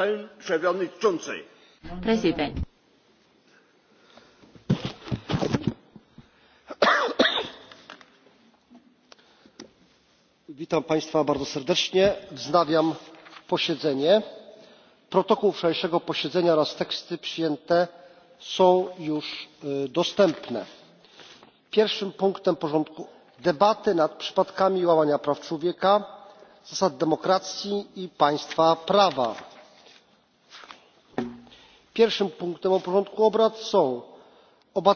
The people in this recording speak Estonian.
Pan przewodniczący. Prezydent. witam państwa bardzo serdecznie wznawiam posiedzenie. protokół wczorajszego posiedzenia oraz teksty przyjęte są już dostępne. pierwszym punktem porządku obrad są debaty nad przypadkami łamania praw człowieka zasad demokracji i państwa prawa pierwszym punktem porządku obrad są